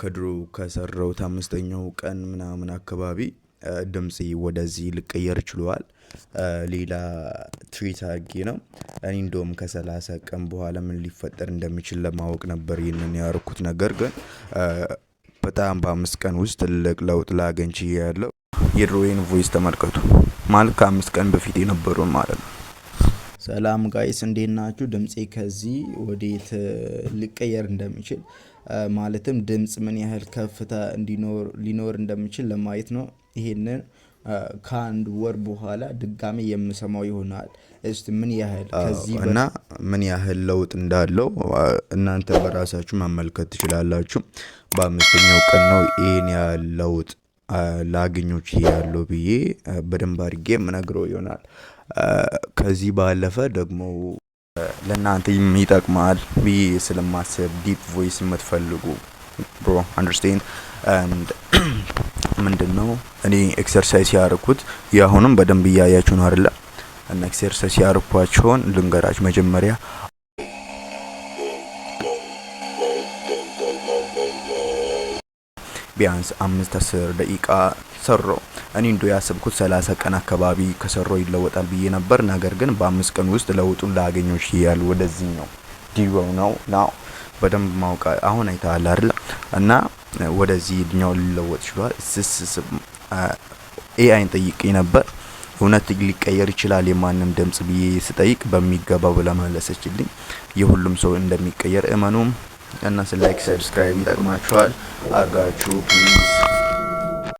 ከድሮ ከሰራሁት አምስተኛው ቀን ምናምን አካባቢ ድምፄ ወደዚህ ልቀየር ችሏል። ሌላ ትሪት አጊ ነው። እኔ እንደውም ከሰላሳ ቀን በኋላ ምን ሊፈጠር እንደሚችል ለማወቅ ነበር ይህንን ያርኩት። ነገር ግን በጣም በአምስት ቀን ውስጥ ትልቅ ለውጥ ላገኝ ችያለሁ። የድሮዬን ቮይስ ተመልከቱ። ማለት ከአምስት ቀን በፊት የነበሩን ማለት ነው። ሰላም ጋይስ እንዴት ናችሁ? ድምፄ ከዚህ ወዴት ሊቀየር እንደሚችል ማለትም ድምፅ ምን ያህል ከፍታ ሊኖር እንደሚችል ለማየት ነው። ይሄንን ከአንድ ወር በኋላ ድጋሚ የምሰማው ይሆናል። እስቲ ምን ያህል ከዚህ እና ምን ያህል ለውጥ እንዳለው እናንተ በራሳችሁ መመልከት ትችላላችሁ። በአምስተኛው ቀን ነው ይህን ያህል ለውጥ ላግኞች ያለው ብዬ በደንብ አድርጌ የምነግረው ይሆናል። ከዚህ ባለፈ ደግሞ ለእናንተ ይጠቅማል ብዬ ስለማስብ ዲፕ ቮይስ የምትፈልጉ ብሮ አንደርስቴንድ ምንድን ነው እኔ ኤክሰርሳይዝ ያደርኩት ያሁንም በደንብ እያያችሁ ነው አይደለ? እና ኤክሰርሳይዝ ያደርኳቸውን ልንገራችሁ መጀመሪያ ቢያንስ አምስት አስር ደቂቃ ሰሮ እኔ እንዶ ያሰብኩት ሰላሳ ቀን አካባቢ ከሰሮ ይለወጣል ብዬ ነበር። ነገር ግን በአምስት ቀን ውስጥ ለውጡን ላገኘው ሽያል ወደዚህ ነው ዲዮ ነው ናው በደንብ ማውቃ አሁን አይተሃል አይደል? እና ወደዚህ ድኛው ሊለወጥ ችሏል። ስስስ ኤአይን ጠይቄ ነበር እውነት ሊቀየር ይችላል የማንም ድምጽ ብዬ ስጠይቅ በሚገባው ብላ የሁሉም ሰው እንደሚቀየር እመኑም ያናስን ላይክ ሰብስክራይብ ይጠቅማችኋል አርጋችሁ ፕሊዝ